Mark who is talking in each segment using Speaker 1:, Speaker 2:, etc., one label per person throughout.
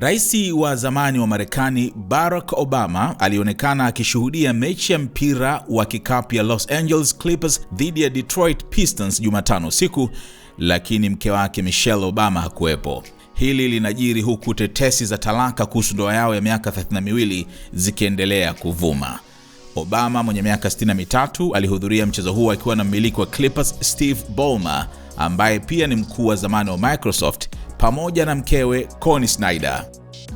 Speaker 1: Rais wa zamani wa Marekani Barack Obama alionekana akishuhudia mechi ya mpira wa kikapu ya Los Angeles Clippers dhidi ya Detroit Pistons Jumatano usiku, lakini mke wake Michelle Obama hakuwepo. Hili linajiri huku tetesi za talaka kuhusu ndoa yao ya miaka 32 zikiendelea kuvuma. Obama mwenye miaka 63 alihudhuria mchezo huo akiwa na mmiliki wa Clippers Steve Ballmer ambaye pia ni mkuu wa zamani wa Microsoft pamoja na mkewe Connie Snyder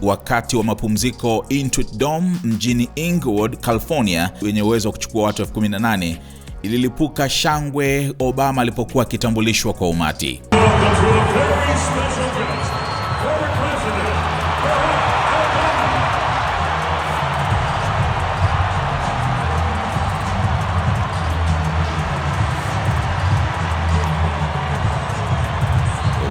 Speaker 1: wakati wa mapumziko Intuit Dome mjini Inglewood, California, wenye uwezo wa kuchukua watu elfu 18 ililipuka shangwe Obama alipokuwa akitambulishwa kwa umati.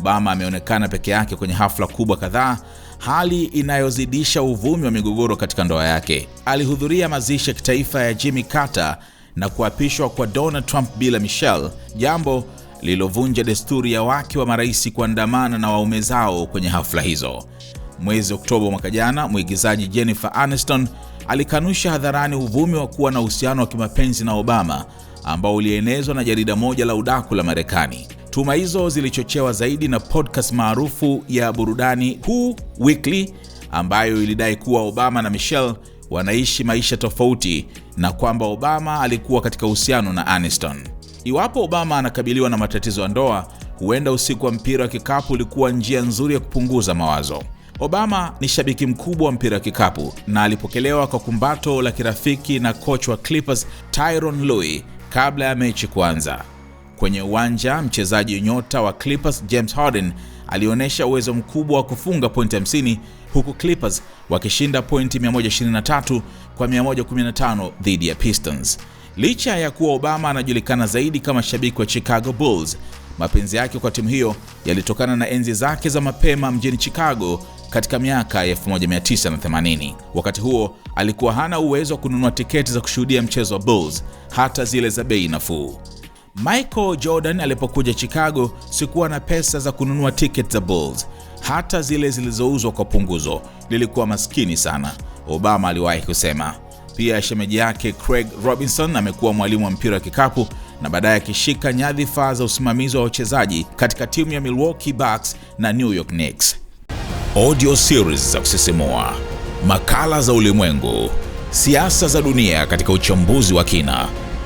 Speaker 1: Obama ameonekana peke yake kwenye hafla kubwa kadhaa, hali inayozidisha uvumi wa migogoro katika ndoa yake. Alihudhuria mazishi ya kitaifa ya Jimmy Carter na kuapishwa kwa Donald Trump bila Michelle, jambo lililovunja desturi ya wake wa marais kuandamana na waume zao kwenye hafla hizo. Mwezi Oktoba mwaka jana, mwigizaji Jennifer Aniston alikanusha hadharani uvumi wa kuwa na uhusiano wa kimapenzi na Obama ambao ulienezwa na jarida moja la udaku la Marekani. Tuma hizo zilichochewa zaidi na podcast maarufu ya burudani Who Weekly ambayo ilidai kuwa Obama na Michelle wanaishi maisha tofauti na kwamba Obama alikuwa katika uhusiano na Aniston. Iwapo Obama anakabiliwa na matatizo ya ndoa, huenda usiku wa mpira wa kikapu ulikuwa njia nzuri ya kupunguza mawazo. Obama ni shabiki mkubwa wa mpira wa kikapu na alipokelewa kwa kumbato la kirafiki na kocha wa Clippers Tyron Lue kabla ya mechi kuanza. Kwenye uwanja, mchezaji nyota wa Clippers James Harden alionyesha uwezo mkubwa wa kufunga pointi 50 huku Clippers wakishinda pointi 123 kwa 115 dhidi ya Pistons. Licha ya kuwa Obama anajulikana zaidi kama shabiki wa Chicago Bulls, mapenzi yake kwa timu hiyo yalitokana na enzi zake za mapema mjini Chicago katika miaka ya 1980. Wakati huo alikuwa hana uwezo wa kununua tiketi za kushuhudia mchezo wa Bulls, hata zile za bei nafuu. Michael Jordan alipokuja Chicago, sikuwa na pesa za kununua tiket za Bulls, hata zile zilizouzwa kwa punguzo. Lilikuwa maskini sana, Obama aliwahi kusema. Pia shemeji yake Craig Robinson amekuwa mwalimu wa mpira wa kikapu na baadaye akishika nyadhifa za usimamizi wa wachezaji katika timu ya Milwaukee Bucks na New York Knicks.
Speaker 2: Audio series za kusisimua, makala za ulimwengu, siasa za dunia katika uchambuzi wa kina